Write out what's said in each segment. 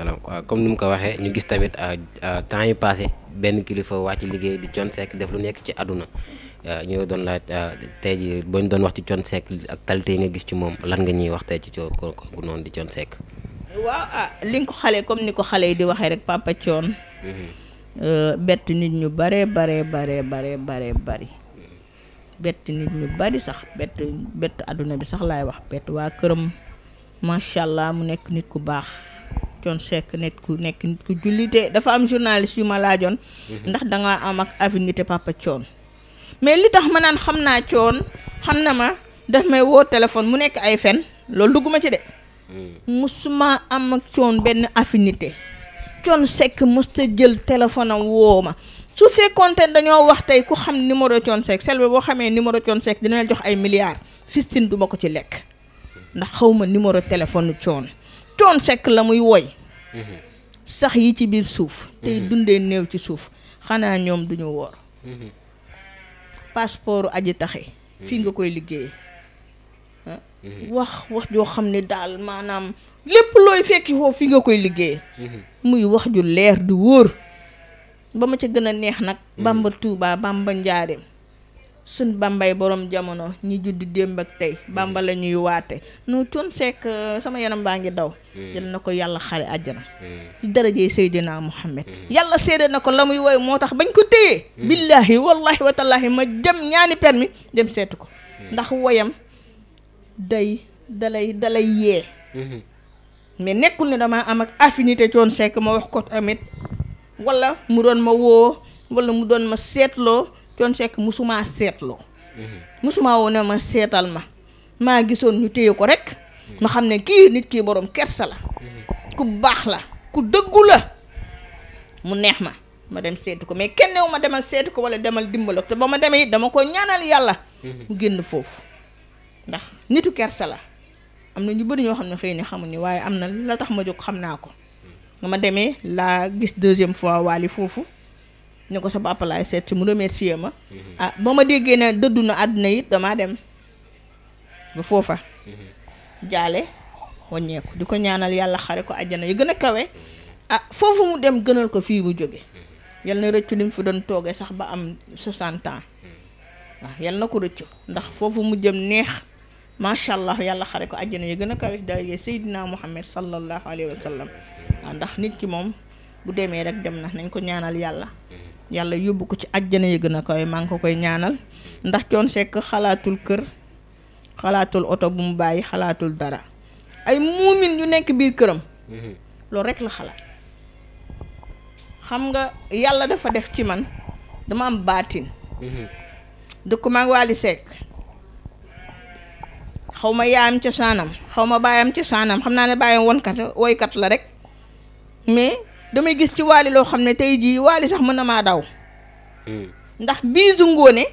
salaam waaw comme ni mu ko waxee ñu gis tamit euh, euh, temps yu passé benn kilifa ci liggéey di Thione Seck def lu nekk ci àdduna euh, ñu doon laaj tey jii boo ñu doon wax ci Thione Seck ak qualité yi nga gis ci moom lan nga ñuy waxte tey ci coono kooku noonu di Thione Seck. waaw ah li nga ko xale comme ni ko xale yi di waxee rek papa Thione. Mhm. bett nit ñu bare bare bare bare bare bari. bett nit ñu bari sax bett bett àdduna bi sax laay wax bett waa këram macha allah mu nekk nit ku baax Thione Seck nit ku nekk nit ku jullite dafa am journaliste yu ma laa laajoon. Mhm. ndax da nga am ak avinité papa Thione. mais li tax ma naan xam naa Thione xam na ma daf may woo téléphone mu nekk ay fen loolu ma ci de. mus mm. musuma am ak Thione benn affinité. Thione mus te jël téléphone woo ma su fekkoon fekkoonte dañoo wax tey ku xam numéro Thione Seck Selbé boo xamee numéro Thione Seck dina jox ay milliards fistine duma ko ci lekk ndax xawma numéro téléphone Thione Thione Seck la muy woy Mm-hmm. sax yi ci biir suuf mm-hmm. tey dundee néew ci suuf xanaa ñoom duñu woor mm-hmm. passeport aji taxe fii nga koy liggéey wax wax joo xam ne daal maanaam lépp looy fekki foofu fii nga koy liggéey muy wax ju leer du wóor ba ma ca gën a neex nag bamba tuubaa bamba njaareem suñ bambay borom jamono ñi judd démb ak tey bamba mm. la waate nu Thione Seck euh, sama yaram baa ngi daw jël mm. na ko yàlla xare àjjana mm. ci darajey Seydina Muhammad yàlla seede na ko la muy woy moo tax bañ ko téyee billaahi wallaahi watallaahi ma dem ñaani permis dem seetu ko ndax woyam day dalay dalay yee mm-hmm. mais nekkul ne dama am ak affinité Thione Seck ma wax ko tamit wala mu doon ma woo wala mu doon ma seetloo Thione sekk musumaa seetloo mhm. musumaa woo ne ma seetal ma maa gisoon ñu téye ko rek ma xam ne kii nit kii borom kersa la mhm. ku baax la ku dëggu la mu neex ma ma dem seeti ko mais kenn wu ma demal seeti ko wala demal dimbalo te ba ma demee it dama ko ñaanal yàlla mhm. mu génn foofu ndax nitu kersa la am na ñu bëri ñoo xam ne xëy na xamuñu waaye am na la tax ma jóg xam naa ko nga ma demee laa gis deuxième fois waali foofu ñu ko sa papa seet si mu remercier ma ah ba ma déggee ne dëddu na àdduna it damaa dem ba foofa jaale waññeeku di ko ñaanal yàlla xare ko àjjana yu gën a kawe ah foofu mu dem gënal ko fii mu jóge yal na rëccu li mu fi doon toogee sax ba am 60 ans waaw na ko rëccu ndax foofu mu jëm neex macha yàlla xare ko àjjana yu gën a kawe daje Seydina Muhammad sallallahu alayhi wa sallam ndax nit ki moom bu demee rek dem na nañ ko ñaanal yàlla yàlla yóbbu ko ci àjjana yi gën a kawe maa ngi ko koy ñaanal ndax coon sekk xalaatul kër xalaatul oto bu mu bàyyi xalaatul dara ay muumin yu nekk biir këram mhm. loolu rek la xalaat xam nga yàlla dafa def ci man dama am baatin mhm. dëkk maa ngi Waly xaw ma yaayam ca saanam xaw ma baayam ca saanam xam naa ne baayam wonkat woykat la rekk mais damay gis ci waali loo xam ne tey jii waali sax mën na maa daw hmm. ndax biisu ngóone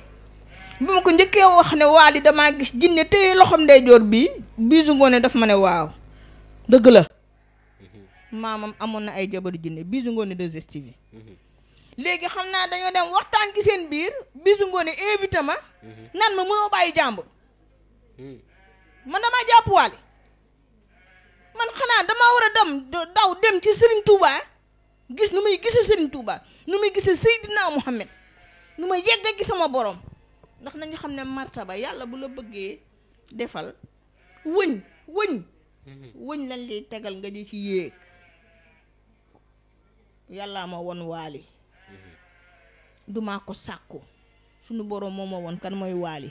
bu ma ko njëkkee wax ne waali damaa gis jinne tey loxoom ndeyjoor bii biisu ngoone daf ma ne waaw dëgg la hmm. maamam amoon na ay jabaru jinne biisu ngóone de gestive hmm. léegi xam naa dañoo dem waxtaan ci seen biir biisu ngóone invité ma nan ma mënoo bàyyi jàmbur na maa jàpp waali man xanaa dama war a dem daw dem ci Serigne Touba gis nu may gisee Serigne Touba nu may gisee Seydina Mouhamed nu ma yegg gi sama borom ndax nañu xam ne martaba yàlla bu la bëggee defal wëñ wëñ wëñ lañ lay tegal nga di ci yéeg yàllaa ma won waali maa ko sàkku sunu borom moo ma won kan mooy waali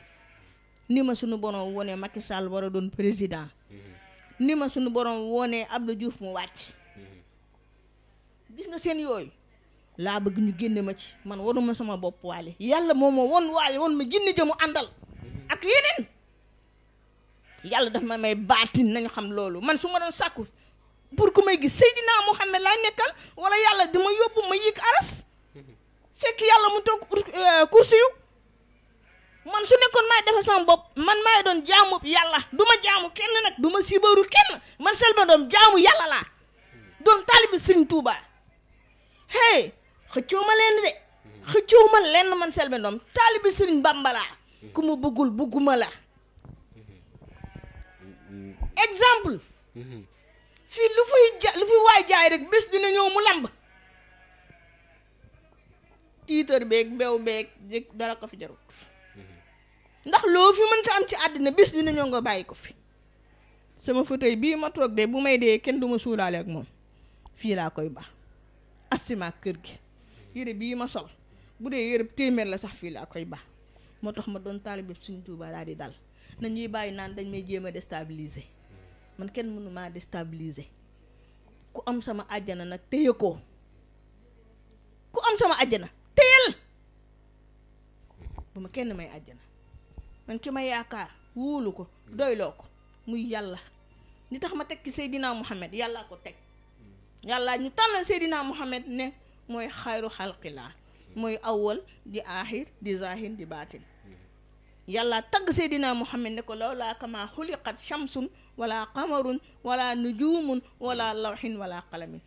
ni ma sunu borom wonee Macky Sall war a doon président ni ma sunu borom wonee Abdou Diouf mu wàcc gis nga seen yooyu laa bëgg ñu génne ma ci man wanuma sama bopp waale yàlla moo ma won waale won ma jinne jëmu àndal ak yeneen yàlla daf ma may baatin nañu xam loolu man su ma doon sàkku pour ku may gis xam ne laa nekkal wala yàlla dama yóbbu ma yéeg aras fekk yàlla mu toog euh, kursi yu man su nekkoon maay defe sama bopp man maay doon jaamu yàlla duma jaamu kenn nag du ma sibaru kenn man Selbé jaamu yàlla laa doon taalibi Sëriñ hey xëccoo ma leen de xëccoo ma lenn man selbe Ndom taalibi Sëriñ Bàmba laa ku ma bëggul bëgguma la exemple fii lu fuy waay jaay rek bés dina ñëw mu lamb beek beeg bew beeg dara ko fi jarut ndax loo fi mënta am ci àddina bés dina ñëw nga bàyyi ko fi sama fauteuil bii ma toog de bu may dee kenn du ma suulaale ak moom fii laa koy baax asima kër gi yére bii ma sol bu dee yére téeméer la sax fii laa koy baax moo tax ma doon taalibe suñu Tuubaa daal di dal na bàyyi naan dañ may jéem a déstabiliser man kenn mënu maa déstabiliser ku am sama àjjana nag téye ko ku am sama àjjana téyel bu ma kenn may àjjana man ki ma yaakaar wóolu ko doyloo ko muy yàlla li tax ma teg ki Seydina Muhammad yàllaa ko teg yàlla ñu tànnal Seydina Muhammad ne mooy xayru xalqilaa mooy awal di aaxir di zahir di baatin yàlla tagg Seydina Muhammad ne ko lawlaa kamaa xuliqat shamsun wala qamarun wala nujumun wala lawxin wala qalamin